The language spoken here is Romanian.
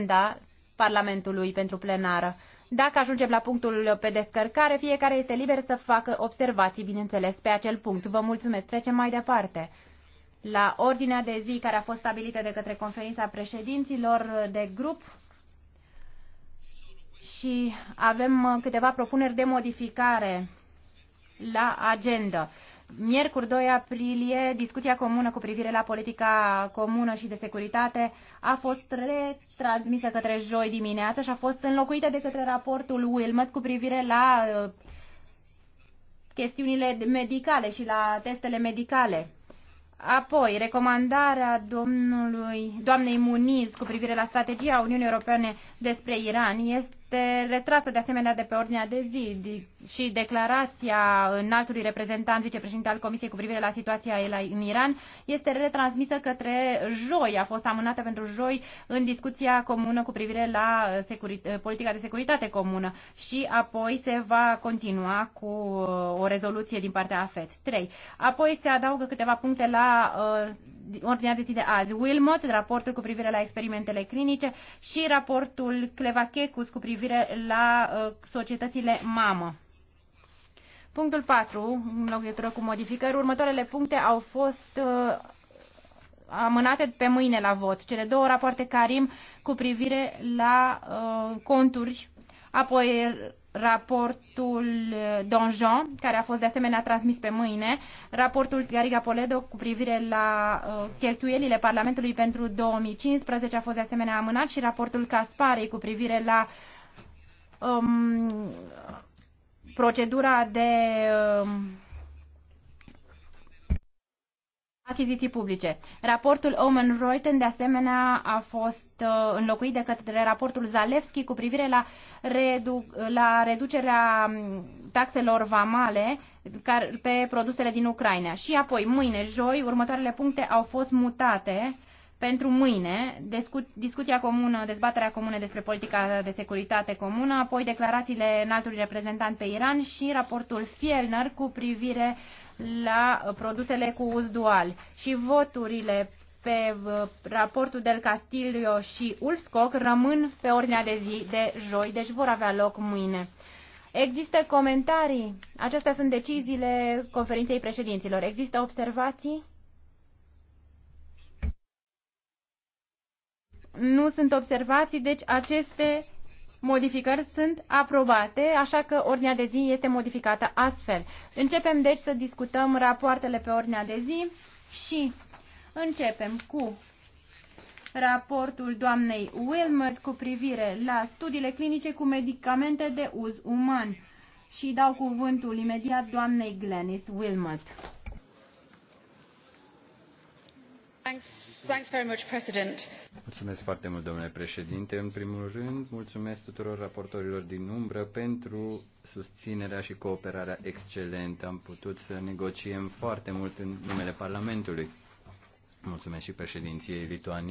agenda Parlamentului pentru plenară. Dacă ajungem la punctul pe descărcare, fiecare este liber să facă observații, bineînțeles, pe acel punct. Vă mulțumesc. Trecem mai departe. La ordinea de zi care a fost stabilită de către conferința președinților de grup și avem câteva propuneri de modificare la agenda. Miercuri 2 aprilie, discuția comună cu privire la politica comună și de securitate a fost retransmisă către joi dimineață și a fost înlocuită de către raportul Wilmot cu privire la uh, chestiunile medicale și la testele medicale. Apoi, recomandarea domnului, doamnei Muniz cu privire la strategia Uniunii Europene despre Iran este este retrasă de asemenea de pe ordinea de zi și declarația înaltului reprezentant, vicepreședinte al Comisiei cu privire la situația în Iran, este retransmisă către joi, a fost amânată pentru joi în discuția comună cu privire la uh, uh, politica de securitate comună și apoi se va continua cu uh, o rezoluție din partea AFET. 3. Apoi se adaugă câteva puncte la uh, ordinea de zi de azi. Wilmot, raportul cu privire la experimentele clinice și raportul Clevachecus cu privire la uh, societățile mamă. Punctul 4, în legătură cu modificări, următoarele puncte au fost uh, amânate pe mâine la vot. Cele două rapoarte Karim cu privire la uh, conturi, apoi raportul eh, Donjon, care a fost de asemenea transmis pe mâine, raportul Gariga Poledo cu privire la uh, cheltuielile Parlamentului pentru 2015 a fost de asemenea amânat și raportul Casparei cu privire la um, procedura de Uh, achiziții publice. Raportul Omen Reuten, de asemenea, a fost uh, înlocuit de către raportul Zalewski cu privire la, redu- la reducerea mm, taxelor vamale pe produsele din Ucraina. Și apoi, mâine, joi, următoarele puncte au fost mutate pentru mâine discu- discuția comună, dezbaterea comună despre politica de securitate comună, apoi declarațiile înaltului reprezentant pe Iran și raportul Fielner cu privire la produsele cu uz dual și voturile pe uh, raportul del Castillo și Ulfscoc rămân pe ordinea de zi de joi, deci vor avea loc mâine. Există comentarii? Acestea sunt deciziile conferinței președinților. Există observații? nu sunt observații, deci aceste modificări sunt aprobate, așa că ordinea de zi este modificată astfel. Începem deci să discutăm rapoartele pe ordinea de zi și începem cu raportul doamnei Wilmer cu privire la studiile clinice cu medicamente de uz uman. Și dau cuvântul imediat doamnei Glenis Wilmot. Mulțumesc foarte mult, domnule președinte. În primul rând, mulțumesc tuturor raportorilor din umbră pentru susținerea și cooperarea excelentă. Am putut să negociem foarte mult în numele Parlamentului. Mulțumesc și președinției lituaniene.